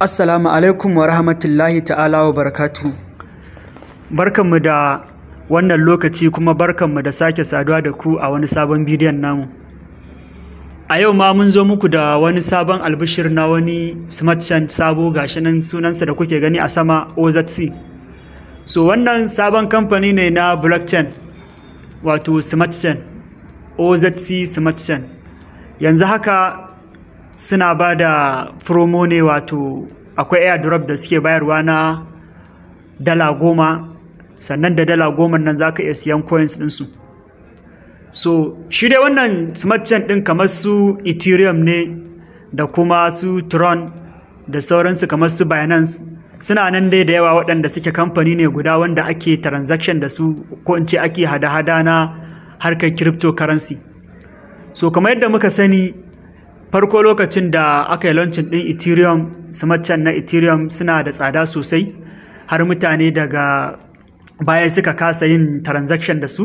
Assalamu alaikum wa rahmatullahi ta'ala wa barakatu. Barkanmu da wannan lokaci kuma barkanmu da sake saduwa da ku a wani sabon bidiyon namu. A yau ma mun zo muku da wani sabon albishir na wani smart shan sabo gashi nan sunansa da kuke gani a sama OZC. So wannan sabon kamfani ne na blockchain wato smart chain OZC smart Yanzu haka suna ba da promo ne wato akwai airdrop da suke bayarwa na dala goma sannan da dala goma nan za ka iya siyan coins ɗinsu so shi dai wannan smart chain ɗin kamar su ethereum ne da kuma su tron da sauransu kamar su binance suna nan dai da yawa waɗanda suke kamfani ne guda wanda ake transaction da su ko in ce ake hada-hada na harkar cryptocurrency so kamar yadda muka sani farko lokacin da aka yi launcin ɗin ethereum smartchain na ethereum suna da tsada sosai har mutane daga baya suka kasa yin transaction da su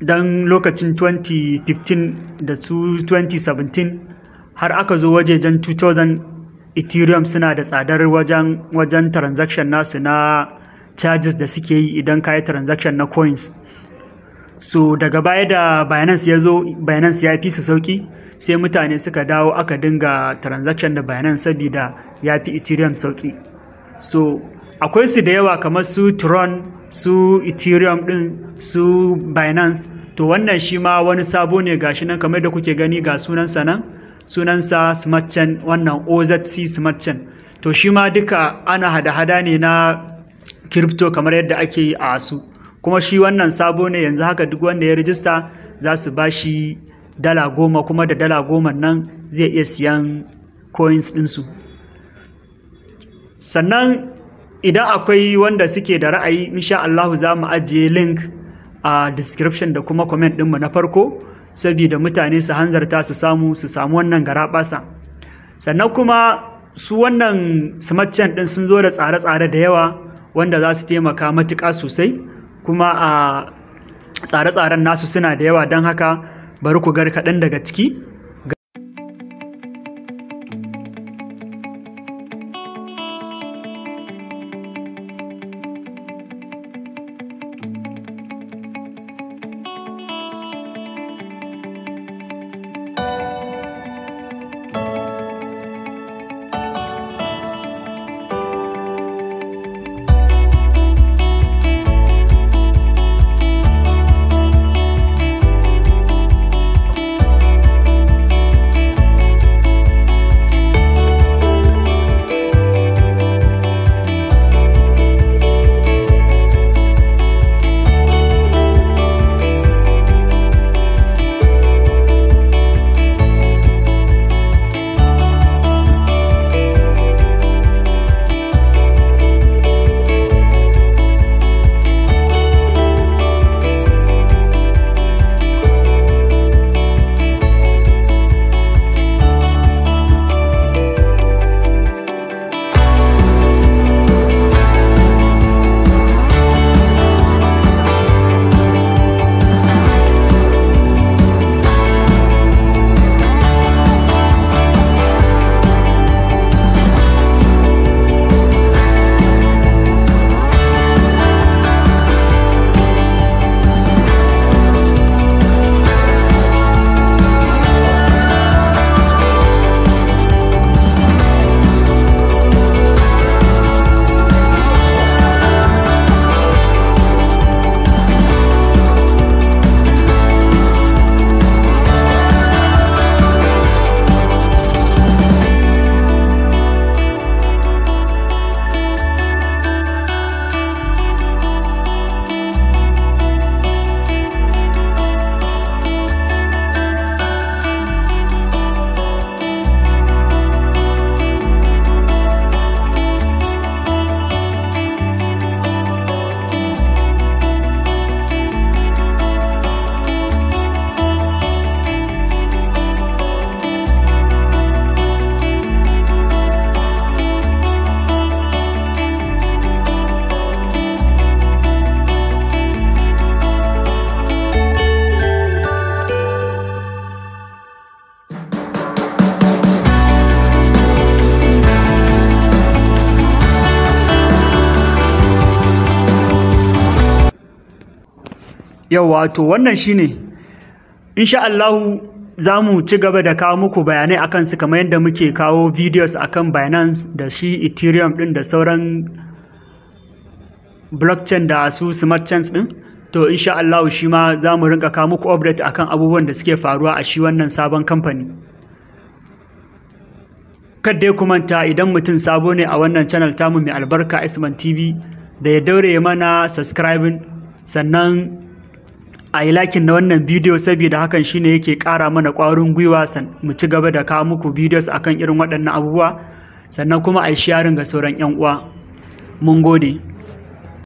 don lokacin 2015 da 2017 har aka zo wajejen 2000 ethereum suna da tsadar wajen, wajen transaction nasu na charges da suke yi idan ka yi transaction na coins so daga baya da binance ya zo binance ya fi su sauki sai mutane suka dawo aka dinga transaction da bayanan saboda ya fi ethereum sauki so akwai su da yawa kamar su tron su ethereum din su binance to wannan shi ma wani sabo ne gashi nan kamar da kuke gani ga sunan sunansa nan sa smart chain wannan ozc smart chain to shi ma duka ana hada-hada ne na crypto kamar yadda ake yi a su kuma shi wannan sabo ne yanzu haka duk wanda ya rijista za su ba dala goma kuma da dala goma nan zai iya siyan coins ɗinsu sannan idan akwai wanda suke da ra'ayi insha Allahu za mu ajiye link a description da kuma comment ɗinmu na farko saboda mutane su hanzarta su samu su samu wannan garaɓasa sannan kuma su wannan smart ɗin sun zo da tsare-tsare da yawa wanda za su taimaka matuƙa sosai kuma a ah, tsare-tsaren nasu suna da yawa don haka bari ku gar kaɗan daga ciki yau to wannan shi ne, Allah za mu ci gaba da kawo muku bayanai akan su kamar yadda muke kawo videos akan Binance da shi Ethereum din da sauran blockchain da su smart chains din to insha shi ma za mu rinka kawo muku update akan abubuwan da suke faruwa a shi wannan sabon kamfani dai ku manta idan mutum sabo ne a wannan channel tamu mai albarka Isman TV da ya daure mana subscribing sannan Ayi, yi lakin na wannan bidiyo saboda hakan shine yake kara mana kwarin gwiwa san mu ci gaba da kawo muku bidiyos akan irin waɗannan abubuwa sannan kuma a yi sharing ga sauran 'yan uwa mun gode